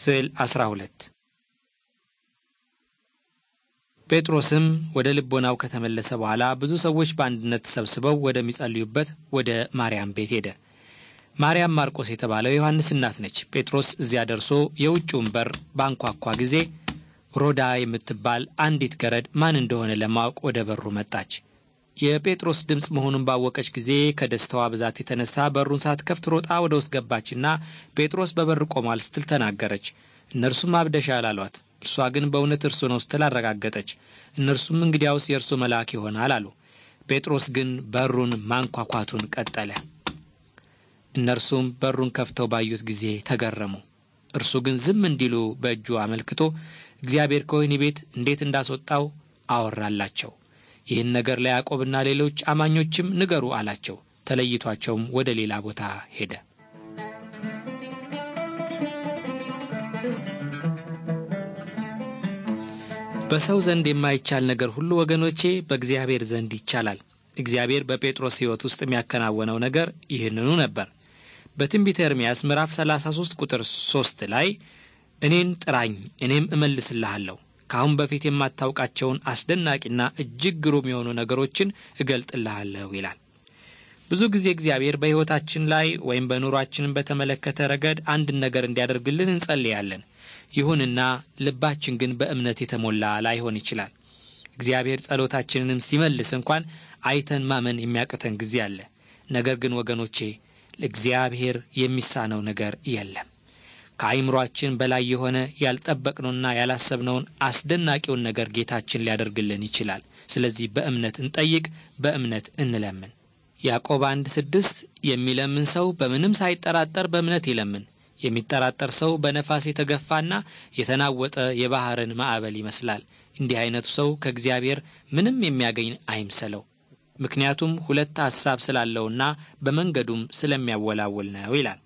ስዕል 12 ጴጥሮስም ወደ ልቦናው ከተመለሰ በኋላ ብዙ ሰዎች በአንድነት ተሰብስበው ወደሚጸልዩበት ወደ ማርያም ቤት ሄደ። ማርያም ማርቆስ የተባለው ዮሐንስ እናት ነች። ጴጥሮስ እዚያ ደርሶ የውጭውን በር ባንኳኳ ጊዜ ሮዳ የምትባል አንዲት ገረድ ማን እንደሆነ ለማወቅ ወደ በሩ መጣች። የጴጥሮስ ድምፅ መሆኑን ባወቀች ጊዜ ከደስታዋ ብዛት የተነሳ በሩን ሳትከፍት ሮጣ ወደ ውስጥ ገባችና ጴጥሮስ በበር ቆሟል ስትል ተናገረች። እነርሱም አብደሻል አሏት። እርሷ ግን በእውነት እርሱ ነው ስትል አረጋገጠች። እነርሱም እንግዲያውስ የእርሱ መልአክ ይሆናል አሉ። ጴጥሮስ ግን በሩን ማንኳኳቱን ቀጠለ። እነርሱም በሩን ከፍተው ባዩት ጊዜ ተገረሙ። እርሱ ግን ዝም እንዲሉ በእጁ አመልክቶ እግዚአብሔር ከወህኒ ቤት እንዴት እንዳስወጣው አወራላቸው። ይህን ነገር ለያዕቆብና ሌሎች አማኞችም ንገሩ አላቸው። ተለይቷቸውም ወደ ሌላ ቦታ ሄደ። በሰው ዘንድ የማይቻል ነገር ሁሉ ወገኖቼ በእግዚአብሔር ዘንድ ይቻላል። እግዚአብሔር በጴጥሮስ ሕይወት ውስጥ የሚያከናወነው ነገር ይህንኑ ነበር። በትንቢተ ኤርምያስ ምዕራፍ 33 ቁጥር 3 ላይ እኔን ጥራኝ እኔም እመልስልሃለሁ ከአሁን በፊት የማታውቃቸውን አስደናቂና እጅግ ግሩም የሆኑ ነገሮችን እገልጥልሃለሁ ይላል። ብዙ ጊዜ እግዚአብሔር በሕይወታችን ላይ ወይም በኑሯችንን በተመለከተ ረገድ አንድን ነገር እንዲያደርግልን እንጸልያለን። ይሁንና ልባችን ግን በእምነት የተሞላ ላይሆን ይችላል። እግዚአብሔር ጸሎታችንንም ሲመልስ እንኳን አይተን ማመን የሚያቅተን ጊዜ አለ። ነገር ግን ወገኖቼ ለእግዚአብሔር የሚሳነው ነገር የለም። ከአይምሯችን በላይ የሆነ ያልጠበቅነውና ያላሰብነውን አስደናቂውን ነገር ጌታችን ሊያደርግልን ይችላል። ስለዚህ በእምነት እንጠይቅ፣ በእምነት እንለምን። ያዕቆብ አንድ ስድስት የሚለምን ሰው በምንም ሳይጠራጠር በእምነት ይለምን። የሚጠራጠር ሰው በነፋስ የተገፋና የተናወጠ የባህርን ማዕበል ይመስላል። እንዲህ አይነቱ ሰው ከእግዚአብሔር ምንም የሚያገኝ አይምሰለው። ምክንያቱም ሁለት ሐሳብ ስላለውና በመንገዱም ስለሚያወላውል ነው ይላል።